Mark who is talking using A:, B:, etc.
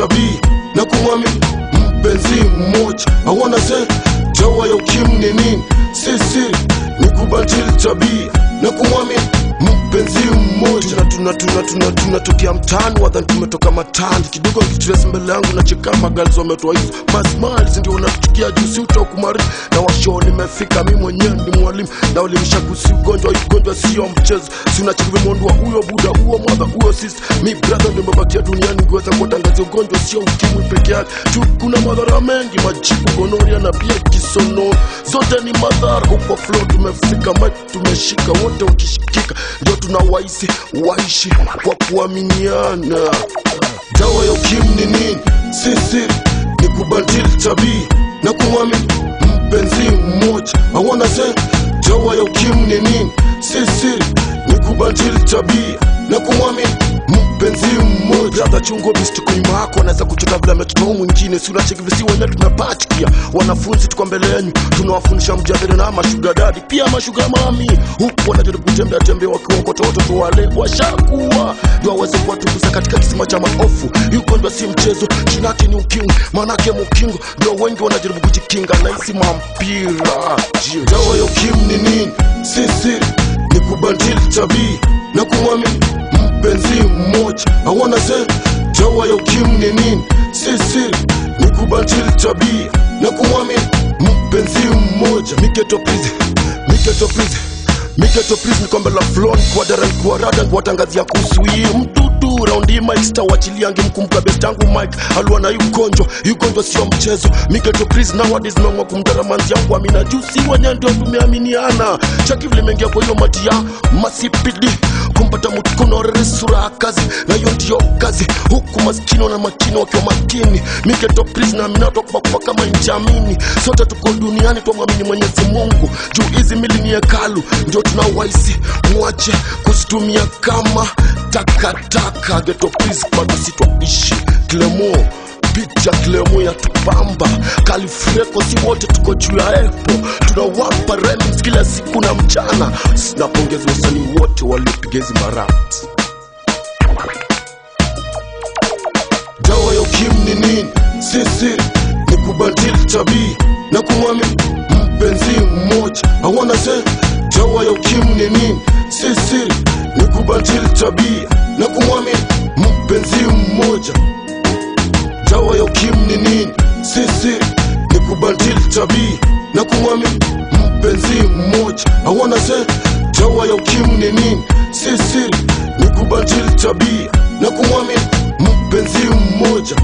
A: tabii na kumwami mpenzi hmm, mmoja auona se jawa ya ukimni nini sisi ni kubatili tabii na kumwami mpenzi mmoja na tuna tuna tuna tuna tukia mtani wadhan tumetoka matani kidogo akicheza mbele yangu na cheka magali metuwa hizi masmali ndio wanatuchukia jusi si utakumari na washo nimefika mi mwenye ni mwalimu na ulimisha kusi ugonjwa ugonjwa siyo mchezo si unachukua mondo wa huyo buda huyo mwadha huyo sisi mi brother ndio babakia duniani kwa tangazi ugonjwa siyo ukimu peke yake chukuna kuna madhara mengi majibu gonoria na pia kisono zote ni madhara upo flow tumefika mic tumeshika wote ukishikika ndio tunawahisi waishi kwa kuaminiana. Dawa ya UKIMWI ni nini? Sisi ni kubadili tabia na kuamini mpenzi mmoja. I wanna say dawa ya UKIMWI ni nini? Sisi ni kubadili tabia na kuamini mpenzi mmoja brother chungo bisti nyuma yako wanaweza kuchota vile ametutau mwingine wenye tunapachikia wanafunzi tuka mbele yenyu tunawafundisha mjadele na mashuga dadi pia mashuga mami huku wanajaribu kutembea tembea toto kwa wale washakuwa ndio waweze kuwatukuza katika kisima cha maofu yuko ndio si mchezo chinake ni ukingo yake mukingo ndio wengi wanajaribu kujikinga na hisi mampira dawa ya kim ni nini sisi ni kubandili tabii na kumwamini mpenzi mmoja awana se Jawa yo kim ni nini? Sisiri ni kubantil tabia na kuwami mpenzi mmoja. Miketo please miketo please miketo miketopris ni kombe la flon kwaderan kwaradang watangazia kuswi mtutu raundi maista wachiliangi mkumkabesitangu mike alua na ugonjwa ugonjwa sio mchezo miketopris nawadi zimeamua kumdara manzi yangu amina jusi wenye ndio tumeaminiana chaki vile mengia kwa hiyo ya masipidi kumpata mtukunorere sura ya kazi na hiyo ndiyo kazi huku maskino na makini wakiwa makini miketo miketopris na aminato kupakupa kama njamini sote tuko duniani twamwamini mwenyezi mungu juu hizi mili ni hekalu ndio na waisi mwache kusitumia kama takataka. Geto please, bado sitwapishi klemo picha klemo ya tupamba kalifreko, si wote tuko chula ya epo, tunawapa remix kila siku na mchana. Sinapongeza wasanii wote waliopiga hizi marati. Dawa ya ukimwi ni nini? Sisi ni kubadili tabii na kumwamini mpenzi mmoja, hawana Jawa ya ukimu ni nini? sisi ni kubadili tabia na kumwamini mpenzi mmoja. Jawa ya ukimu ni nini? sisi ni kubadili tabia na kumwamini mpenzi mmoja. Hawana sasa, jawa ya ukimu ni nini? sisi ni kubadili tabia na kumwamini mpenzi mmoja.